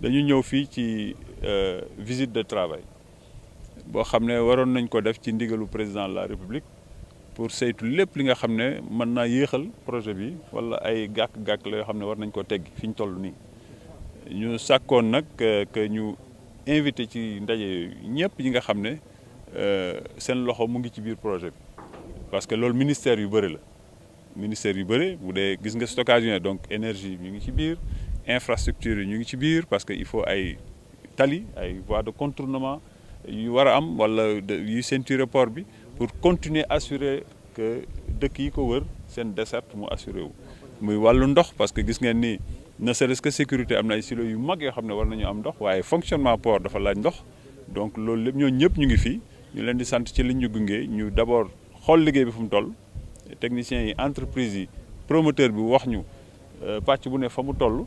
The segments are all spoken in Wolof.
dañu ñëw fii ci euh, visite de travail boo xam ne waroon nañ ko def ci ndigalu président de la république pour saytu lépp li nga xam ne mën naa yéexal projet bi wala ay gàkk-gàkk la yoo xam ne war nañ ko teggi fi ñu toll nii ñu sàkkoon nag euh, que ñu invité ci ndaje ñëpp yi nga xam ne euh, seen loxo mu ngi ci biir projet bi parce que loolu ministère yu bëri la ministère yu bëri bu dee gis nga stockage donc énergie mu ngi ci biir infrastructure ñu ngi ci biir parce que il faut ay tali ay voie de contournement yu war a am wala yu ceinture port bi pour continuer assurer que dëkk yi ko wër seen desserte mu assurer wu muy wàllu ndox parce que gis ngeen ni ne serait-ce que sécurité am na ay silos yu mag yoo xam ne war nañu am ndox waaye fonctionnement port dafa laaj ndox donc loolu lépp ñooñu ñëpp ñu ngi fi ñu leen di sant ci li ñu gungee ñu d'abord xool liggéey bi fu mu toll technicien yi entreprise yi promoteur bi wax ñu euh, pàcc bu ne fa mu toll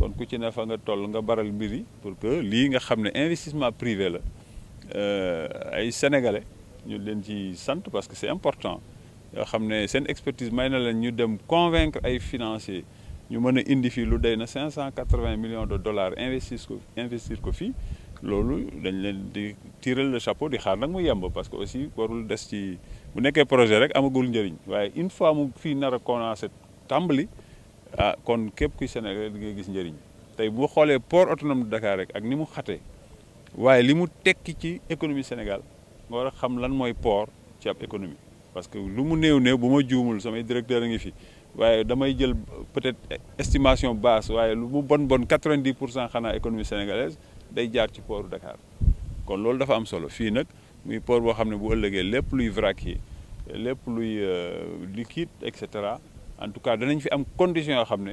kon ku ci ne fa nga toll nga baral mbir yi pour que lii nga xam ne investissement privé la euh, ay sénégalais ñu leen ci sant parce que c'est important yoo xam ne seen expertise may na leen ñu dem convaincre ay financiers ñu mën a indi fi lu day na cinq millions de dollars investir ko investir ko fii loolu dañ leen di tirer le chapeau di xaar nag mu yemb parce que aussi warul des ci bu nekkee projet rek amagul njëriñ waaye une fois mu fii nar a commencé tàmbali ah kon képp kuy Sénégal di nga gis njëriñ tey bu xoolee port autonome de Dakar rek ak ni mu xatee waaye li mu tekki ci économie Sénégal nga war a xam lan mooy port ci ab économie parce que lu mu néew néew bu ma juumul samay directeur a ngi fi waaye damay jël peut-être estimation basse waaye lu mu bon bon 90 vingt pour cent xanaa économie sénégalaise day jaar ci portu Dakar kon loolu dafa am solo fii nag muy port boo xam ne bu ëllëgee lépp luy vrac yi lépp luy euh, liquide et cetera en tout cas dañu fi am condition yo xamné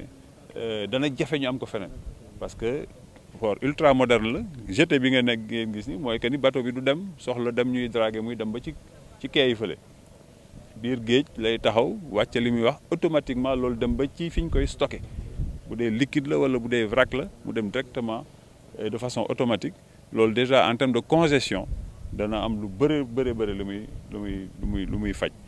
euh dana jafé ñu am ko fénen parce que port ultra moderne la jeté bi nga nekk ngeen gis ni moy que ni bateau bi du dem soxla dem ñuy draguer muy dem ba ci ci quai yi bir geej lay taxaw waccé limuy wax automatiquement lool dem ba ci fiñ koy stocker boudé liquide la wala boudé vrac la mu dem directement euh, de façon automatique lool déjà en termes de congestion dana am lu béré béré béré limuy limuy limuy limuy fajj